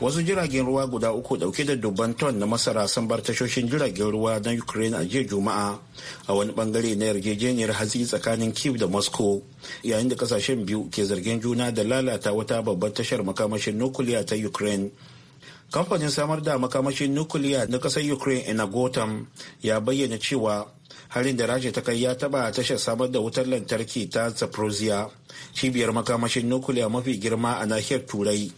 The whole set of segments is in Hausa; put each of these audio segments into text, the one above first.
wasu jiragen ruwa guda uku dauke da dubban ton na masara sun bar tashoshin jiragen ruwa na ukraine a jiya juma'a a wani bangare na yarjejeniyar hatsi tsakanin kiev da moscow yayin da kasashen biyu ke zargin juna da lalata wata babban tashar makamashin nukuliya ta ukraine kamfanin samar da makamashin nukiliya na kasar ukraine enagotam ya bayyana cewa harin da rasha ta kai ya taba tashar samar da wutar lantarki ta zaporozhia cibiyar makamashin nukuliya mafi girma a nahiyar turai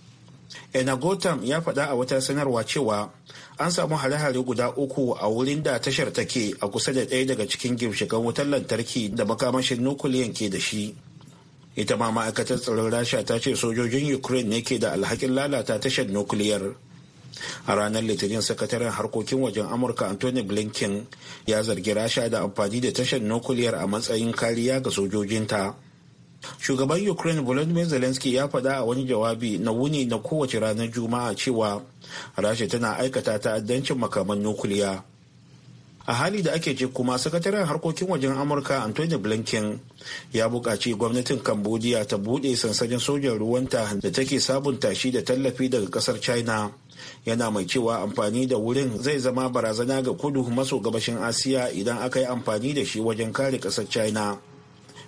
enagotam ya faɗa a wata sanarwa cewa an samu hare-hare guda uku a wurin da tashar take a kusa da ɗaya daga cikin gimshikan wutar lantarki da makamashin nukuliyan ke da shi ita ma ma'aikatar tsaron rasha ta ce sojojin ukraine ne ke da alhakin lalata tashar nukiliyar a ranar litinin sakataren harkokin wajen amurka anthony blinken ya zargi rasha da amfani da tashar nukiliyar a matsayin kariya ga sojojinta Shugaban Ukraine Volodymyr Zelensky ya faɗa a wani jawabi na wuni na kowace ranar Juma'a cewa Rasha tana aikata ta'addancin makaman nukiliya. A hali da ake ce kuma sakataren harkokin wajen Amurka Anthony Blinken ya buƙaci gwamnatin Cambodia ta buɗe sansanin sojan ruwanta da take sabunta shi da tallafi daga ƙasar China. Yana mai cewa amfani da wurin zai zama barazana ga kudu maso gabashin Asiya idan aka yi amfani da shi wajen kare ƙasar China.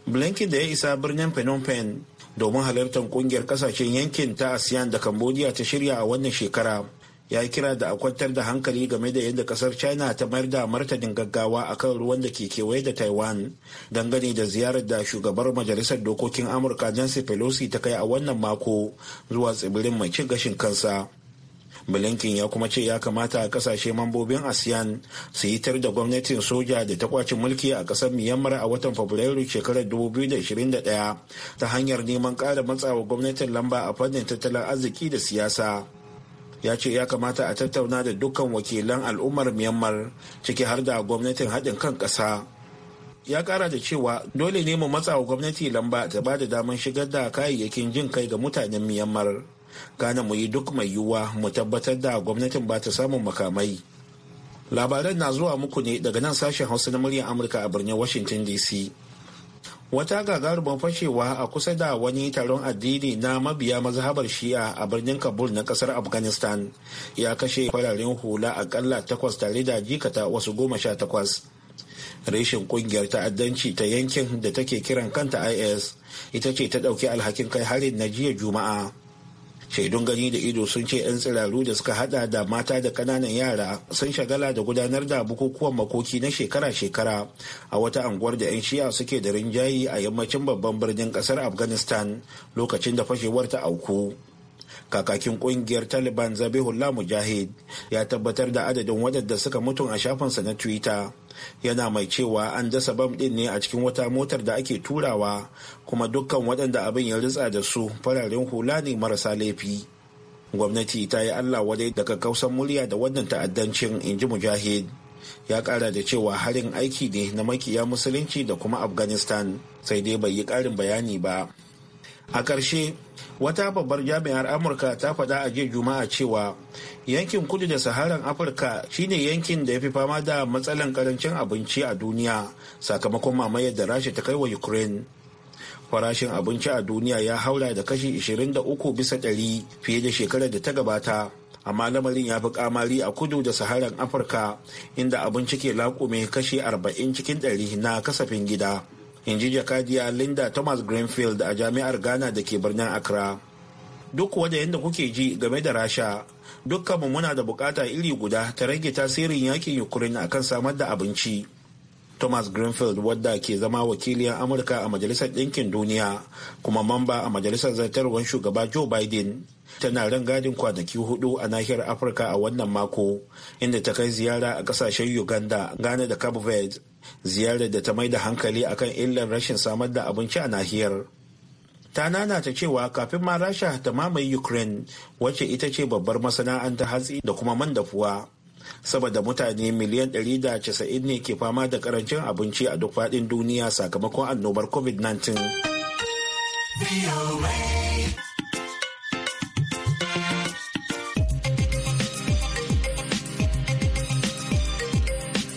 blinken da ya isa birnin phnom penh domin halartar kungiyar kasashen yankin ta asean da cambodia ta shirya a wannan shekara ya yi kira da a kwantar da hankali game da yadda kasar china ta mayar da martanin gaggawa a kan ruwan da ke kewaye da taiwan dangane da ziyarar da shugabar majalisar dokokin amurka nancy pelosi ta kai a wannan mako zuwa tsibirin mai cin gashin kansa blinken ya kuma ce ya kamata a kasashe mambobin asean su yi tar da gwamnatin soja da ta kwace mulki a kasar myanmar a watan fabrairu shekarar 2021 ta hanyar neman ƙara matsawa gwamnatin lamba a fannin tattalin arziki da siyasa ya ce ya kamata a tattauna da dukkan wakilan al'ummar myanmar ciki har da gwamnatin haɗin kan ƙasa ya ƙara da cewa dole ne mu matsawa gwamnati lamba ta ba da damar shigar da kayayyakin jin kai ga mutanen myanmar gane mu yi duk mai yiwuwa mu tabbatar da gwamnatin ba ta samun makamai labaran na zuwa muku ne daga nan sashen hausa na muryar amurka a birnin washington dc wata gagarumin fashewa a kusa da wani taron addini na mabiya mazhabar shi'a a birnin kabul na kasar afghanistan ya kashe fararen hula akalla takwas tare da jikata wasu goma sha takwas reshen kungiyar ta'addanci ta yankin da take kiran kanta is ita ce ta ɗauki alhakin kai harin na jiya juma'a shaidun gani da ido sun ce 'yan tsiraru da suka hada da mata da kananan yara sun shagala da gudanar da bukukuwan makoki na shekara-shekara a wata anguwar da 'yan shiya suke da rinjayi a yammacin babban birnin kasar afghanistan lokacin da fashewar ta auku kakakin kungiyar taliban zabihullah mujahid ya tabbatar da adadin wadanda suka mutu a shafinsa na twitter yana mai cewa an dasa bam din ne a cikin wata motar da ake turawa kuma dukkan waɗanda abin ya ritsa da su fararen hula ne marasa laifi gwamnati ta yi allah wadai daga kausan murya da wannan ta'addancin ji mujahid ya kara da cewa harin aiki ne na makiya musulunci da kuma afghanistan sai dai bai yi ƙarin bayani ba a ƙarshe wata babbar jami'ar amurka ta faɗa a jiya juma'a cewa yankin kudu da saharan afirka shine yankin da ya fi fama da matsalan karancin abinci a duniya sakamakon mamayar da rasha ta kai wa ukraine farashin abinci a duniya ya haura da kashi 23 bisa ɗari fiye da shekarar da ta gabata amma lamarin ya fi kamari a kudu da saharan afirka inda abinci ke laƙume kashi 40 cikin ɗari na kasafin gida. in ji jakadiya linda thomas greenfield a jami'ar ghana da ke birnin accra duk wanda yadda kuke ji game da rasha dukkanmu muna da bukata iri guda ta rage tasirin yakin ukraine akan samar da abinci thomas greenfield wadda ke zama wakiliyar amurka a majalisar ɗinkin duniya kuma mamba a majalisar zartarwar shugaba joe biden tana ran gadin kwanaki hudu a nahiyar afirka a wannan mako inda ta kai ziyara a kasashen uganda ghana da cape verde ziyarar da ta mai da hankali akan illar rashin samar da abinci a nahiyar ta nana ta cewa kafin ma rasha ta mamaye ukraine wacce ita ce babbar masana'antar hatsi da kuma man dafuwa saboda mutane miliyan 190 ne ke fama da karancin abinci a duk faɗin duniya sakamakon annobar covid-19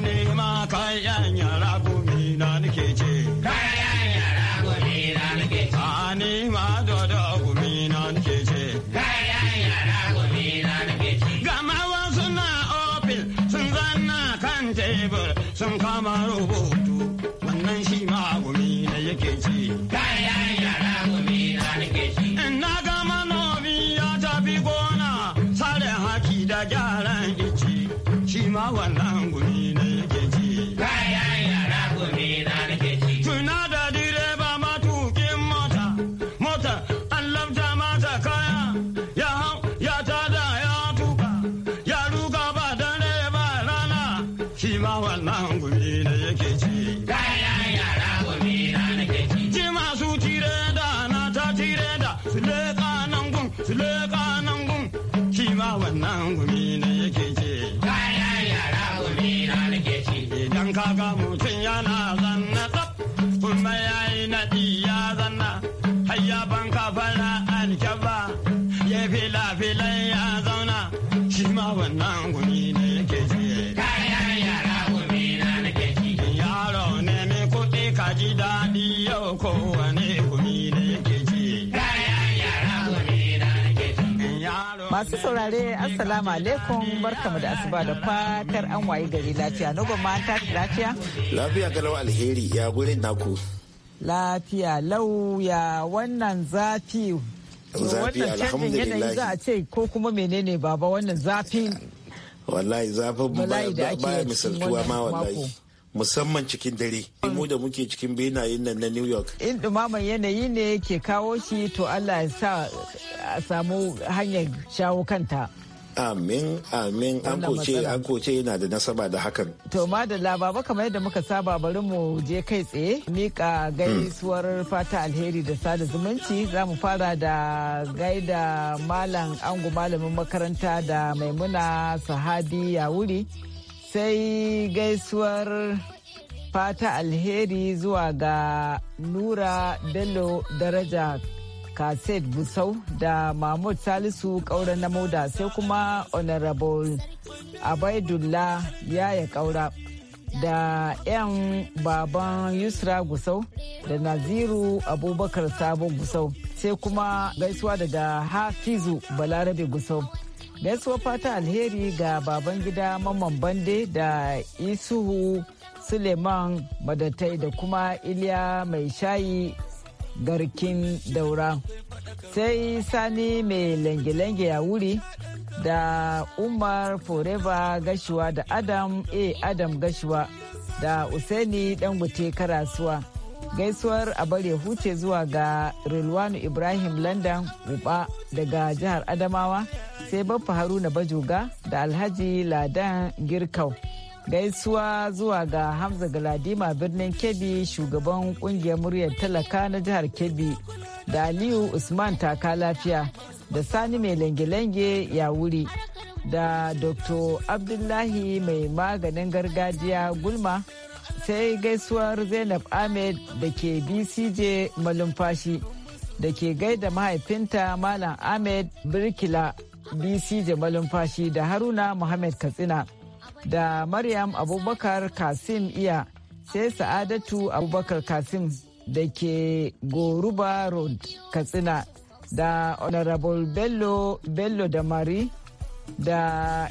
ne ma kayan yara Masu saurare Assalamu alaikum barkamu da asuba da fatar an waye gari lafiya. na ma an lafiya? Lafiya galau alheri ya gurin naku. Lafiya lauya wannan zafi. Wannan Zafi yanayi za a ce ko kuma menene baba wannan zafi. Wallahi zafin ba misaltuwa ma wallahi. musamman cikin dare. Mu da muke cikin benayen nan na New York. In dumaman yanayi ne ke kawo shi to Allah ya sa a samu hanyar shawo kanta. Amin, amin, an koce, an koce yana da nasaba da hakan. To ma da baba kamar yadda muka saba bari mu je kai tsaye mika gaisuwar fata alheri da sada zumunci za mu fara da gaida malam angu malamin makaranta da maimuna sahadi yawuri. wuri. sai gaisuwar fata alheri zuwa ga nura bello daraja kaset busau da mahmud salisu kaura na moda sai kuma honorable abaidullah yaya kaura da 'yan baban yusra gusau da naziru abubakar sabo gusau sai kuma gaisuwa daga hafizu balarabe gusau gaisuwa fata alheri ga baban gida mamman bande da isuhu suleiman madatai da kuma iliya mai shayi garkin daura sai sani mai lange-lange ya wuri da umar forever gashuwa da adam a e adam gashuwa da usaini dangote karasuwa gaisuwar a bare huce zuwa ga rilwanu ibrahim london uba daga jihar adamawa sai baffa haruna bajoga da alhaji ladan girkau gaisuwa zuwa ga hamza galadima birnin kebbi shugaban kungiyar muryar talaka na jihar kebbi da aliyu usman taka lafiya da sani mai lange-lange ya wuri da dr abdullahi mai maganin gargajiya gulma sai gaisuwar zainab ahmed da ke bcj malumfashi da ke gaida mahaifinta malam ahmed birkila bc jamalin fashi da haruna muhammad katsina da maryam abubakar kasim iya sai sa'adatu abubakar kasim da ke goruba road katsina da honorable bello bello da mari da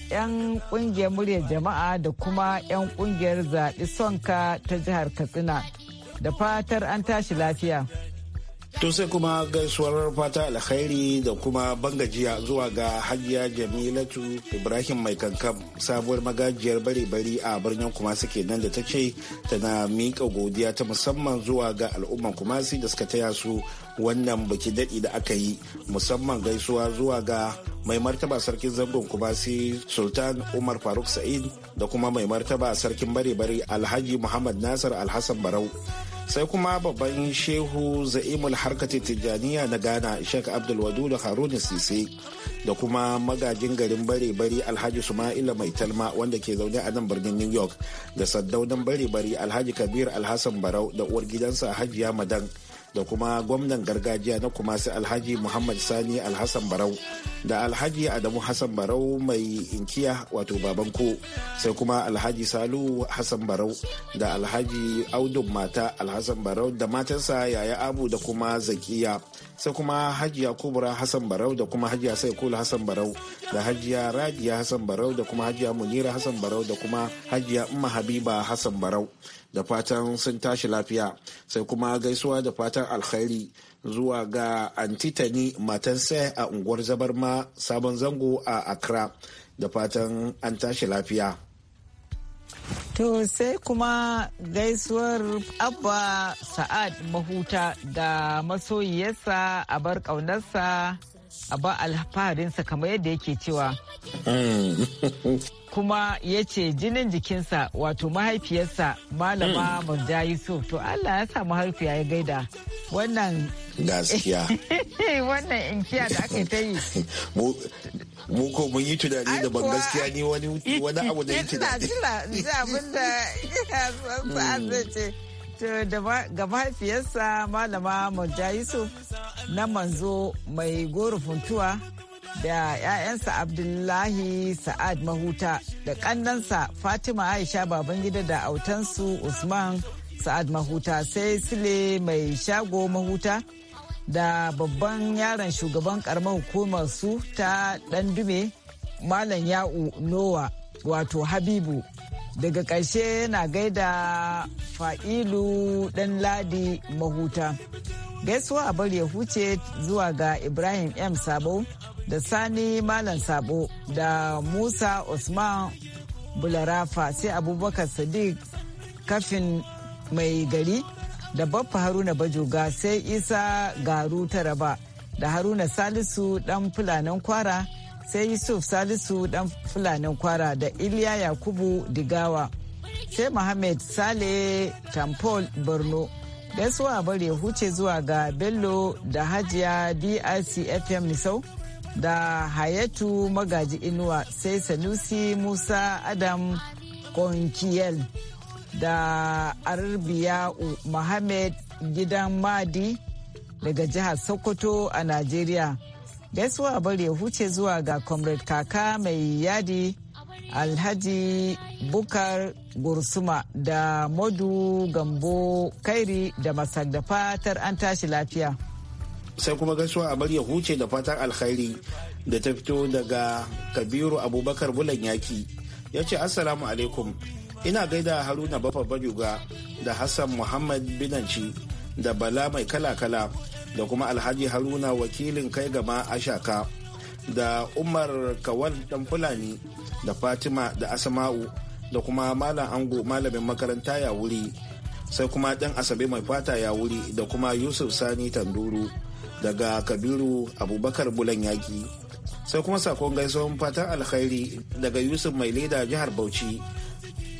'yan kungiyar murya jama'a da kuma 'yan kungiyar zaɓi sonka ta jihar katsina da fatar an tashi lafiya To sai kuma gaisuwar fata alkhairi da kuma bangajiya zuwa ga hajiya Jamilatu Ibrahim mai kankan sabuwar magajiyar bare-bari a birnin Kumasi kenan da ta ce tana miƙa godiya ta musamman zuwa ga al'ummar Kumasi da suka taya su wannan biki daɗi da aka yi musamman gaisuwa zuwa ga mai martaba sarkin zangon Kumasi Sultan Umar Faruk Sa'id da kuma mai martaba sarkin bare-bari Alhaji Muhammad Nasir Alhassan Barau. sai kuma babban shehu za'imul harkati tijjaniya na ghana sheikh da haruna sise da kuma magajin garin bare-bari alhaji suma'ila mai talma wanda ke zaune a nan birnin new york da saddaunan bare-bari alhaji kabir alhassan barau da uwar gidansa hajiya madan da kuma gwamnan gargajiya na kumasi alhaji muhammad sani alhassan barau da alhaji adamu hassan barau mai inkiya wato babanko sai kuma alhaji salu hassan barau da alhaji audun mata alhassan barau da matansa yaya abu da kuma zakiya sai kuma hajiya kubura hassan barau da kuma hajiya saikul hassan barau da hajiya radiya hassan barau da kuma hajiya munira hassan barau da kuma hajiya umma habiba hassan barau da fatan sun tashi lafiya sai kuma gaisuwa da fatan alkhairi zuwa ga antitani matan sai a unguwar zabarma sabon zango a accra da fatan an tashi lafiya to sai kuma gaisuwar abba sa'ad mahuta da masoyiyarsa a bar ƙaunarsa a ba alfaharinsa kamar yadda yake cewa mm. kuma ya ce jinin jikinsa wato mahaifiyarsa malama mm. murja yusuf to allah ya sa harfi ya gaida wannan gaskiya wannan inkiya da aka ta yi mu ko mun yi tunani da ban gaskiya ni wani abu da yi tunani da ce ga mahaifiyarsa malama Murja Yusuf na manzo mai goro funtuwa da 'ya'yansa Abdullahi Sa'ad Mahuta da ƙannansa Fatima Aisha Babangida da autansu Usman Sa'ad Mahuta sai Sile mai shago Mahuta da babban yaron shugaban ƙaramar hukumar su ta dume Malam Ya'u Nowa wato Habibu daga ƙarshe yana gaida fa'ilu ɗan ladi mahuta gaisuwa a bari ya huce zuwa ga ibrahim m sabo da sani malam sabo da musa usman bularafa sai abubakar sadiq kafin mai gari da baffa haruna bajoga sai isa garu taraba da haruna salisu dan fulanan kwara sai yusuf salisu dan fulanin kwara da iliya yakubu digawa sai mohammed sale tampol borno gaisuwa bare huce zuwa ga bello da hajiya drcfm nisau da hayatu magaji inuwa sai sanusi musa adam konkiyel da arbiya'u mohammed gidan madi daga jihar sokoto a najeriya gaisuwa a bari ya huce zuwa ga comrade kaka mai yadi alhaji bukar gursuma da modu gambo kairi da masar da fatar an tashi lafiya sai kuma gaisuwa a bari ya huce da fatar alkhairi da ta fito daga kabiru abubakar bulan yaki ya ce assalamu alaikum ina gaida haruna bafa baduga da hassan muhammad binanci da bala mai kala-kala da kuma alhaji haruna wakilin kai gama ashaka da umar kawal dan fulani da fatima da asama'u da kuma malam ango malamin makaranta ya wuri sai kuma dan asabe mai fata ya wuri da kuma yusuf sani tanduru daga kabiru abubakar bulan yaki sai kuma sakon gaisuwan fatan alkhairi daga yusuf mai leda jihar bauchi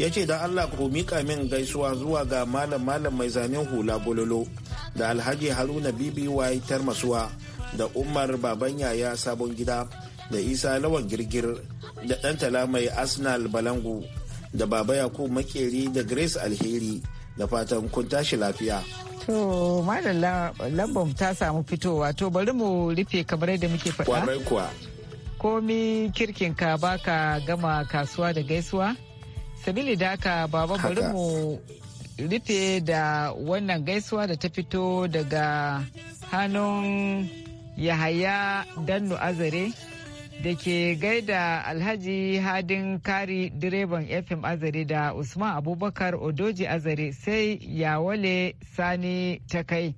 ya ce don allah ku miƙa min gaisuwa zuwa ga malam malam mai zanen hula gololo da alhaji haruna wai tarmasuwa da umar baban yaya sabon gida da isa lawan girgir da tala mai arsenal balangu da baba yakub makeri da grace alheri da fatan kun tashi lafiya to madalla lambam ta samu fitowa to bari mu rufe kamar yadda muke faɗa kwarai kuwa komi ka baka gama kasuwa da gaisuwa sabili da baba bari mu rufe da wannan gaisuwa da ta fito daga hannun yahaya dannu azare da ke gaida alhaji hadin kari direban fm azare da usman abubakar odoji azare sai yawale sani ta kai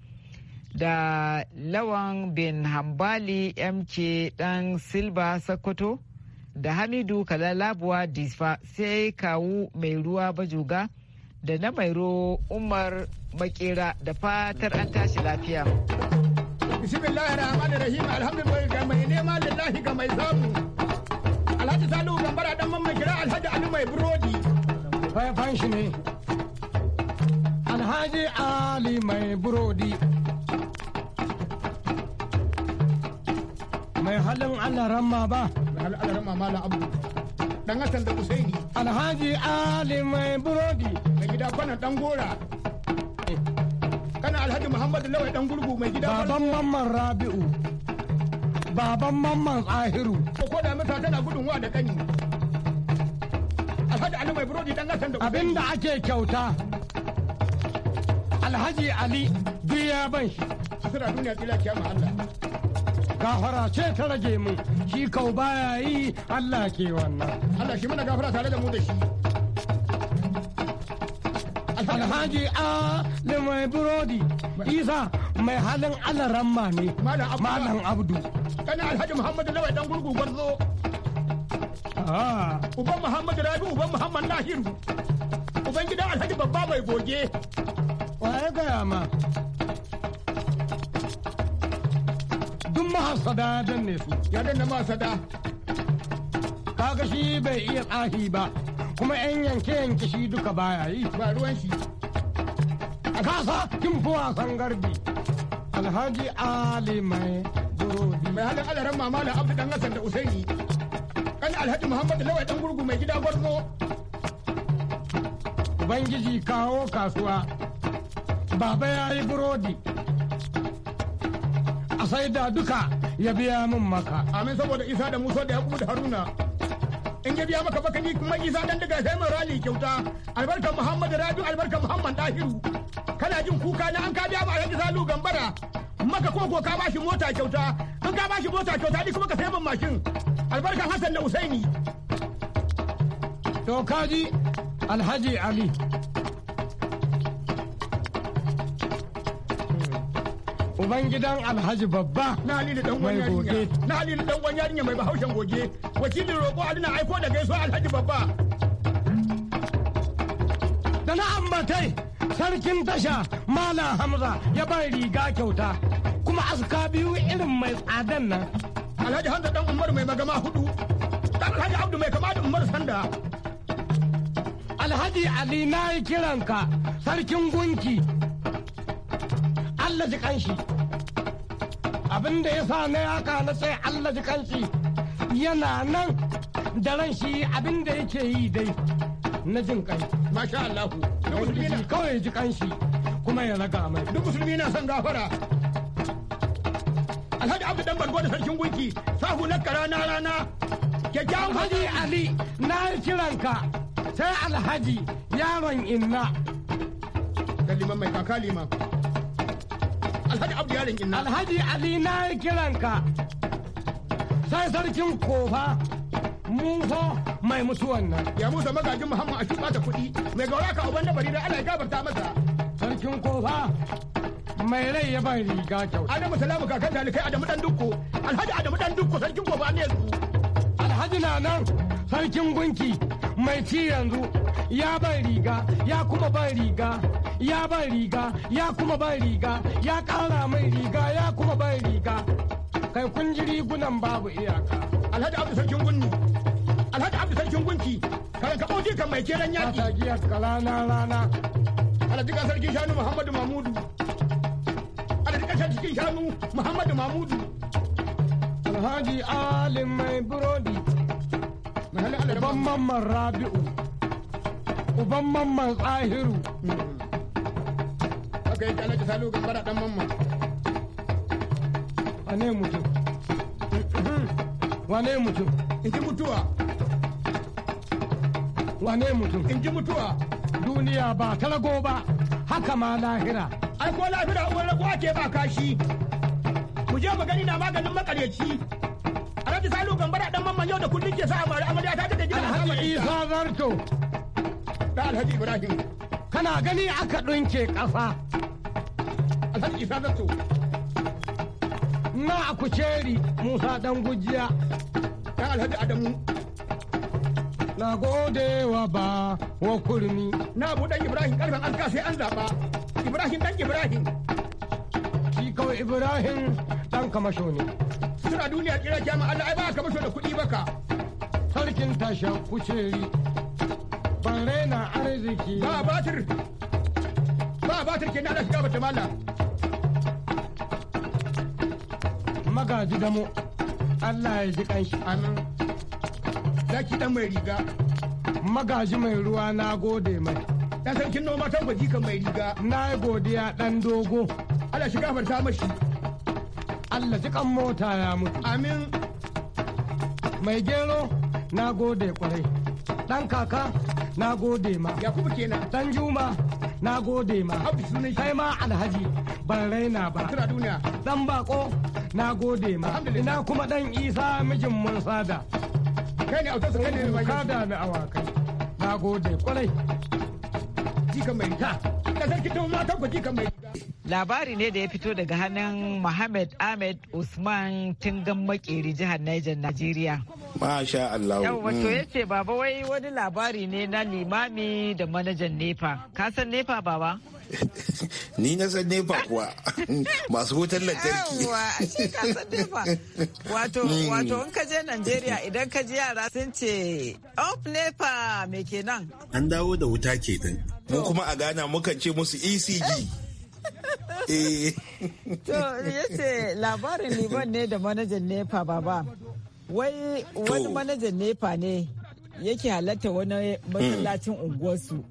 da lawan bin hambali mk dan silba sokoto da hamidu kalalabuwa disfa sai kawu mai ruwa bajuga da na mairo umar makera da fatar an tashi lafiya bismillahir rahmanir rahim alhamdulillah ga mai nema lillahi ga mai samu alhaji salihu gambara dan mamma kira alhaji ali mai burodi faifan shi ne alhaji ali mai burodi mai halin allah ramma ba halin allah ramma malam abu dan Hassan da Husaini. Alhaji Ali mai burodi. Mai gida kwanan dan gora. Eh. Kana Alhaji Muhammadu Lawai dan gurgu mai gida Baban Mamman Rabi'u. Baban Mamman Ahiru. Ko da mata tana gudun wa da kani Alhaji Ali mai burodi dan Hassan da Husaini. Abinda ake kyauta. Alhaji Ali duya ban shi. Asira duniya tsira kiyama Allah. gafara ce ta rage mu shi kau baya yi Allah ke wannan Allah shi mana gafara tare da mu da shi Alhaji A Ali mai burodi Isa mai halin Allah ramma ne Malam Abdu kana Alhaji Muhammadu Lawai dan gurgu gwarzo ah. Uban Muhammadu Rabi uban Muhammadu Nahiru uban gidan Alhaji babba mai goge Wa ya gaya ma mahasada dan ne su ya danna mahasada kaga shi bai iya tsahi ba kuma yan yanke yanke shi duka baya yi ba ruwan shi a kasa kin fi wasan garbi. alhaji ali mai burodi mai halin alaran mama da abdu dan hasan da usaini kan alhaji muhammad lawai dan gurgu mai gida gwarzo ubangiji kawo kasuwa baba ya yi burodi sai da duka ya biya min maka amin saboda isa da musa da yakubu da haruna in ya biya maka baka ni kuma isa dan daga sai mai rali kyauta albarkar muhammad rabi albarkar muhammad dahiru kana jin kuka na an ka biya ba alhaji salu gambara maka koko ka bashi mota kyauta in ka bashi mota kyauta ni kuma ka sai min mashin albarkar hassan da usaini to kaji alhaji ali Ubangidan Alhaji Babba. Na Ali da dan wani yarinya. Na Ali da dan wani yarinya mai bahaushen goge. Wakilin roƙo Adina aiko da gaisuwa Alhaji Babba. Da na ambatai sarkin tasha Malam Hamza ya ba riga kyauta. Kuma aska biyu irin mai tsadan nan. Alhaji Hamza dan Umar mai magama hudu. Dan Alhaji Abdu mai kama da Umar Sanda. Alhaji Ali na yi kiranka sarkin gunki Allah ji kanshi abin da ya sa na yaka na sai Allah ji kanshi yana nan da ran shi abin da yake yi dai na jin kai masha Allah kawai ji kanshi kuma ya raga mai duk musulmi na son gafara Alhaji Abdu dan bargo da sarkin gunki sahu na na rana kyakkyawan Alhaji Ali na kiranka sai Alhaji yaron inna da liman mai kaka liman Alhaji Abdu yaron inna. Alhaji Ali na kiranka. Sai sarkin kofa. Muho mai musu wannan. Ya musa magajin Muhammad a shuka ta kuɗi. Mai gaura ka uban da bari da Allah ya gabarta masa. Sarkin kofa mai rai ya ban riga kyau. Adamu salamu kakan talikai Adamu dan dukko. Alhaji Adamu dan dukko sarkin kofa ne yanzu. Alhaji na nan sarkin gunki mai ci yanzu ya ban riga ya kuma ban riga ya ba riga ya kuma ba riga ya kara mai riga ya kuma ba riga kai kun ji rigunan babu iyaka alhaji abu sarkin gunni alhaji abu sarkin gunki kare ka oje kan mai keran yaki ta giyar kalana rana alhaji ka sarkin shanu muhammadu mamudu alhaji ka sarkin shanu muhammadu mamudu alhaji alim mai burodi mahalli mamman rabi'u uban mamman tsahiru hmm. a gaita alhaji salu gambara dan mamma wane mutum wane mutum in ji mutuwa wane mutum in ji mutuwa duniya ba talago ba haka ma lahira ai ko lahira uwar rago ake ba kashi mu je mu gani na maganin makareci alhaji salu gambara dan mamman yau da kullun ke sa amari amarya ta da gidan alhaji isa zarto da alhaji ibrahim kana gani aka ɗunke ƙafa alhaji sadatu na a ceri musa dan gujiya dan alhaji adamu na gode wa ba wa kurmi na bu dan ibrahim karfin an sai an zaba ibrahim dan ibrahim shi kawai ibrahim dan kamasho ne suna duniya kira kyama allah ai ba kamasho da kuɗi baka sarkin tasha kuceri ban raina arziki ba batir ba batir kenan ana shiga bata mala magaji damo allah ya ji kanshi amin zaki dan mai riga magaji mai ruwa na gode mai ya kin noma ta gwaji kan mai riga na yi godiya dan dogo allah shi gafarta mashi allah ji kan mota ya mutu amin mai gero na gode kwarai dan kaka na gode ma yakubu kenan dan juma na gode ma abu sunan kai ma alhaji ban raina ba dan bako na gode ma ina kuma dan isa mijin mun sada kai ne autarsa kai ne mai kada na awakai na gode kwarai jika mai ta da sarki ta mata ku jika mai labari ne da ya fito daga hannun Muhammad Ahmed Usman Tingan Makeri jihar Niger Najeriya. Masha Allah. Yau, wato mm. ya ce baba wai wani labari ne na limami da manajan nefa. Ka san nefa baba? ni na san nefa kuwa masu wutar lantarki wato hmm. wato in ka je Najeriya idan ka ji yara sun ce of nefa me kenan an dawo da wuta ke din mu kuma a Ghana mukan ce musu ECG eh. to ce labarin liban ne da manajan nefa baba wai wani manajan nefa ne yake halatta wani masallacin unguwarsu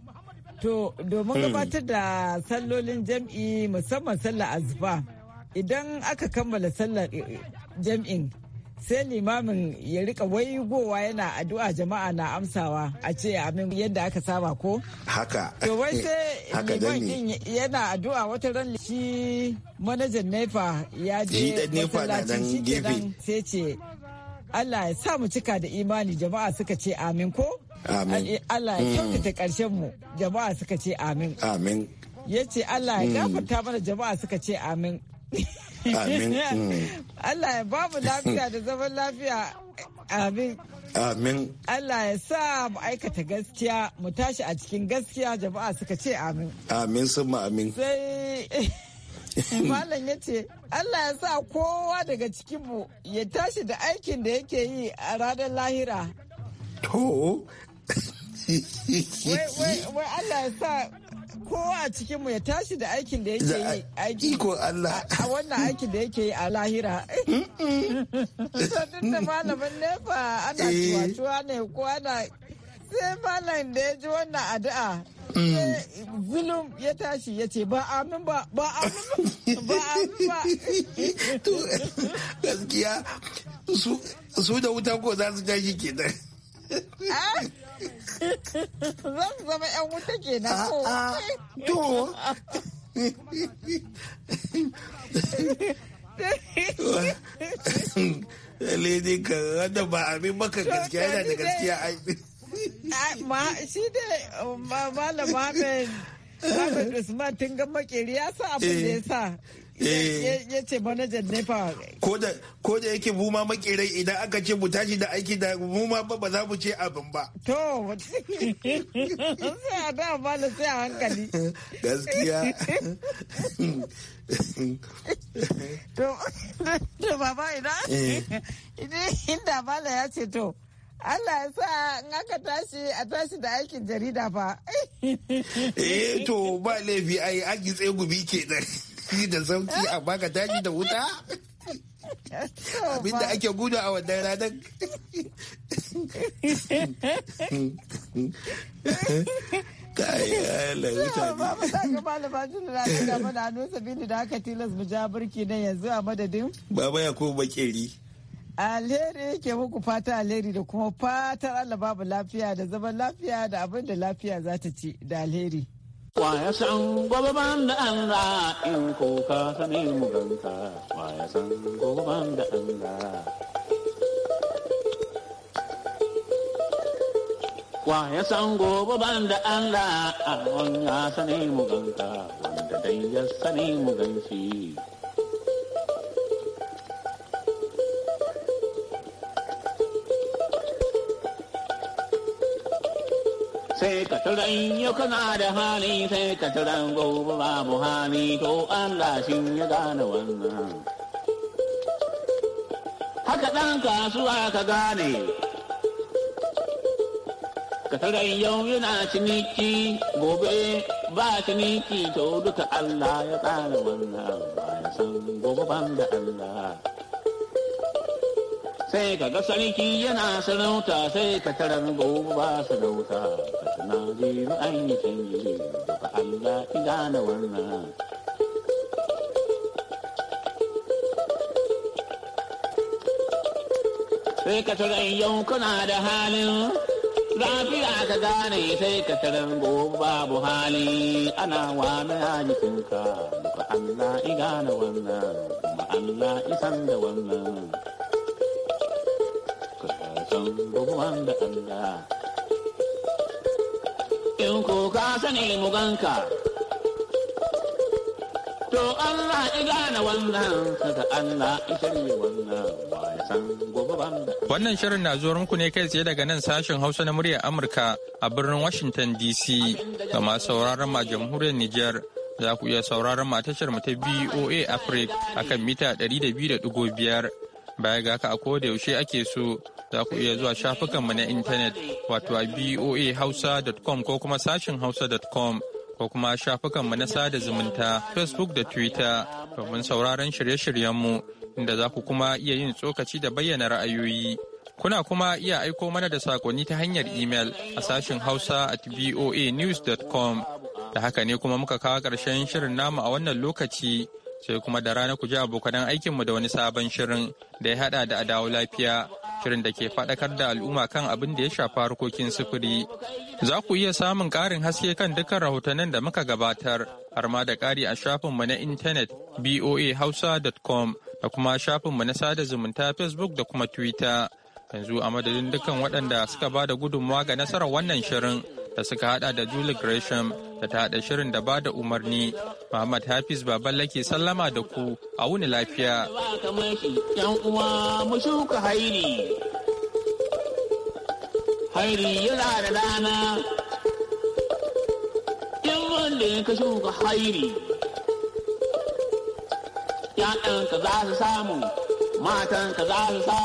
To domin gabatar da sallolin jam'i musamman sallar azufa idan aka kammala sallar eh, eh, jam'in sai limamin ya rika gowa yana addu'a jama'a na amsawa a ce amin yadda aka saba ko haka to wai sai liman yana addu'a wata ran shi manajan nefa ya je masallacin shi kenan sai ce Allah ya sa mu cika da imani jama'a suka ce amin ko Amin. Allah ya kyautata karshen mm. mu jama'a suka ce amin. Amin. Ya ce Allah ya mm. gafarta mana jama'a suka ce amin. Amin. Mm. Allah ya ba mu lafiya da zaman lafiya. Amin. Amin. Allah ya sa mu aikata gaskiya mu tashi a cikin gaskiya jama'a suka ce amin. Amin sun amin. Sai Malam ya ce, Allah ya sa kowa daga cikinmu ya tashi da aikin da yake yi a ranar lahira. To, wai Allah ya sa kowa a cikinmu ya tashi da aikin da yake yi iko Allah a wannan aikin da yake yi a lahira sannan da malamin nefa ana eh. cuwa-cuwa ne ko ana sai malam da ya ji wannan addu'a mm. zulum ya tashi ya ce ba amin ba ba amin ba amin gaskiya su da wuta ko za su tashi kenan ah! Zan zama 'yan wuta kenan ko. To. Lady ka ba abin maka gaskiya yana da gaskiya ai. Shi dai malama Usman tun ga makeri ya sa abin da ya sa. Eh. Eh. ya ce manajan nefa ko da yake mu ma makirai idan aka ce mu tashi da aiki da mu ma ba ba za mu ce abin ba to sai a da ba da sai a hankali gaskiya to baba idan eh. inda bala ya ce to Allah ya sa in aka tashi a tashi da aikin jarida fa. Eh to ba laifi ai agi tsegubi ke da. ciki da sauki amma ka tashi da wuta abinda ake gudu a wannan ranar yanzu a madadin? Baba ya ko bakeri. Alheri ke muku fata alheri da kuma fatar Allah babu lafiya da zaman lafiya da abin da lafiya za ta ci da alheri. Wa ya san gobe ban da Allah in ko ka sani mu ganka. Wa ya san gobe ban da Allah. Wa ya san gobe da Allah a ya sani mu ganka wanda dai ya sani mu ganshi. sai ka turan yau kana da hali sai ka turan gobe babu hali to Allah shi ya gane wannan. Haka ɗan kasuwa ka gane, ka turan yau yana ciniki gobe ba ciniki to duka Allah ya tsara wannan ba ya san gobe ban da Allah. sai ka ga sarki yana sarauta sai ka tarar gobe ba sarauta. Naziru ainihin gire daga Allah idana wannan. Sai ka tarai yau kuna da halin lafiya ka gane sai ka taran gobe babu hali ana wani jikinka daga Allah idana wannan kuma Allah isan da wannan. Ka san duk wanda Allah in ko ka sani muganka. To Allah gane wannan kada Allah shirye wannan Wannan shirin na zuwar muku ne kai tsaye daga nan sashen Hausa na muryar Amurka a birnin Washington DC ga masu sauraron ma jamhuriyar Nijar. Za ku iya sauraron ma tashar mu ta BOA Africa akan mita 200.5 baya ga haka a koda yaushe ake so za ku iya zuwa shafukanmu na intanet wato a voahausa.com ko kuma sashin hausa.com ko kuma shafukanmu na sada zumunta facebook da twitter domin sauraron shirye-shiryenmu inda za ku kuma iya yin tsokaci da bayyana ra'ayoyi. Kuna kuma iya aiko mana da sakonni ta hanyar imel a sashin hausa at voanews.com. Da haka ne kuma muka kawo ƙarshen shirin namu a wannan lokaci sai kuma da rana ku ji abokan aikinmu da wani sabon shirin da ya haɗa da adawo lafiya shirin da ke faɗakar da al'umma kan abin da ya shafa harkokin sufuri. Za ku iya samun ƙarin haske kan dukkan rahotannin da muka gabatar, har ma da ƙari a shafinmu na intanet boahausa.com da kuma shafinmu na sada zumunta Facebook da kuma Twitter. Yanzu a madadin dukkan waɗanda suka ba da gudunmawa ga nasarar wannan shirin. da suka hada da Julie Gresham da ta hada shirin da ba da umarni. Muhammad Hafiz Baballe ke sallama da ku a wuni lafiya. Hairi yana da rana, in wanda ya ka shuka hairi, ‘ya'yanka za su samu, matanka za su samu.